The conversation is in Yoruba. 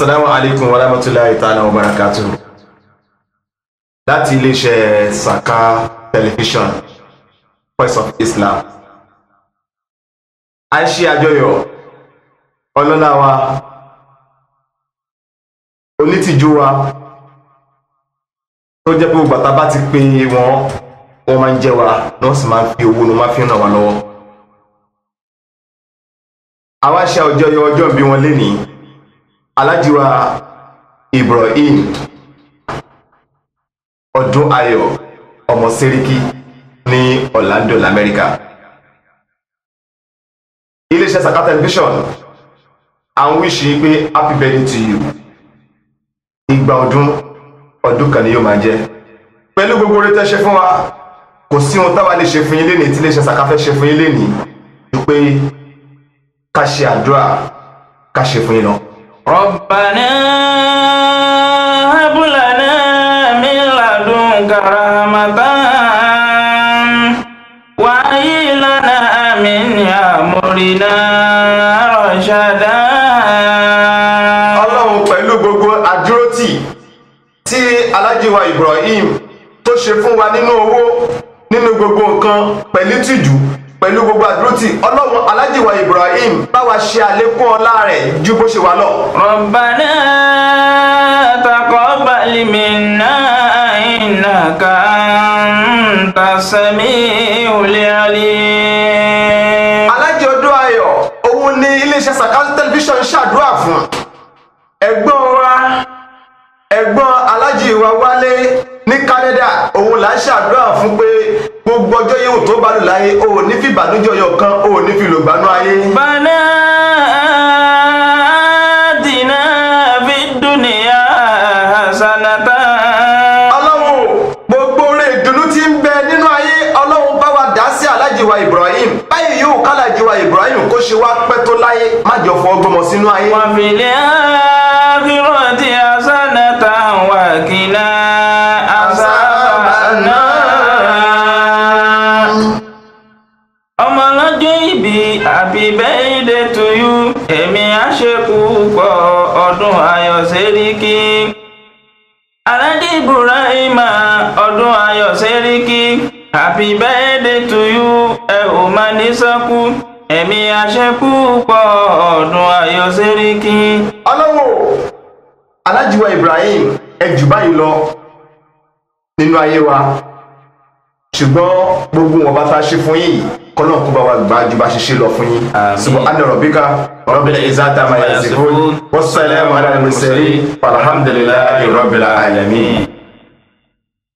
Assalamu alaikum warahmatullahi ta'ala wabarakatuh láti iléeṣẹ́ Saka Television Voice of Islam a ń ṣe àjọyọ̀ ọlọ́lá wa onítìjú wa tó jẹ́ pé gbogbo àtà bá ti pè wọ́n wọ́n máa ń jẹ́ wa wọ́n sì máa ń fi owó ni wọ́n máa fi ràn wá lọ́wọ́ àwa ṣe àjọyọ̀ ọjọ́ ìbí wọn lénìí alájùwà Ibrahim ọdún ayọ̀ ọmọ sẹ́ríkì ní Orlando lamẹ́ríkà iléeṣẹ́ Saka television àwọn wíṣì pé happy birthday to you ìgbà ọdún ọdún kan ni yóò máa jẹ pẹ̀lú gbogbo oore tẹ́ ṣe fún wa kò sí ohun táwa lè ṣe fún yín lénìí tí iléeṣẹ́ Saka fẹ́ ṣe fún yín lénìí ju ká ṣe àdúrà ká ṣe fún yín náà. ربنا هب لنا من لدنك رحمة وهي لنا من أمرنا رشدا ọlọ́run pẹ̀lú gbogbo àdúrótì tí alájíwa Ibrahim tó ṣe fún wa nínú owó nínú gbogbo nǹkan pẹ̀lú tìjú pẹ̀lú gbogbo àdúrótì ọlọ́run alájìwà ibrahim bá wa ṣe àlékún ọlá rẹ̀ ju bó ṣe wà lọ. rabbana taqabbal minna innaka antas samiul alim. alájì ọdún ayọ̀ òun ni iléeṣẹ́ Sàkáàtù tẹlifíṣàn ṣàdúrà fún ẹ̀gbọ́n wa ẹ̀gbọ́n alájì wa wálé ní Canada òun là ń ṣàdúrà fún pé gbogbo ọjọ́ yẹn tó bá lò láyé o ò ní fi ìbànújẹ́ ọyọ kan o ò ní fi lògbànú ayé. bàná dìnnà fi dúnìyà sanata. ọlọ́run gbogbo oore ìdùnnú tí ń bẹ nínú ayé ọlọ́run bá wa dá sí alájiwa Ibrahim báyìí yóò kálájiwa Ibrahim kó ṣe wá pẹ́ tó láyé má jọ fọ́ gbọmọ sínú ayé. wàá fi lè hàn. jíìbì happy birthday to you èmi àṣekù pọ̀ ọdún ayọ̀ Sẹ́ríkì. Alhaji Ibrahim, ọdún ayọ̀ Sẹ́ríkì happy birthday to you ẹ ò má ní sọ́kù èmi àṣekù pọ̀ ọdún ayọ̀ Sẹ́ríkì. ọlọ́wọ́ alájùwà Ibrahim ẹ jù báyìí lọ nínú ayé wa ṣùgbọ́n gbogbo wọn bá tá a ṣe fún yín yìí kọ́nà kó bá wa gbà ju bá ṣe ṣe lọ fún yín. subhana rabbika rabbil izzati amma yasifun wassalamu ala al-mursalin walhamdulillahi rabbil alamin.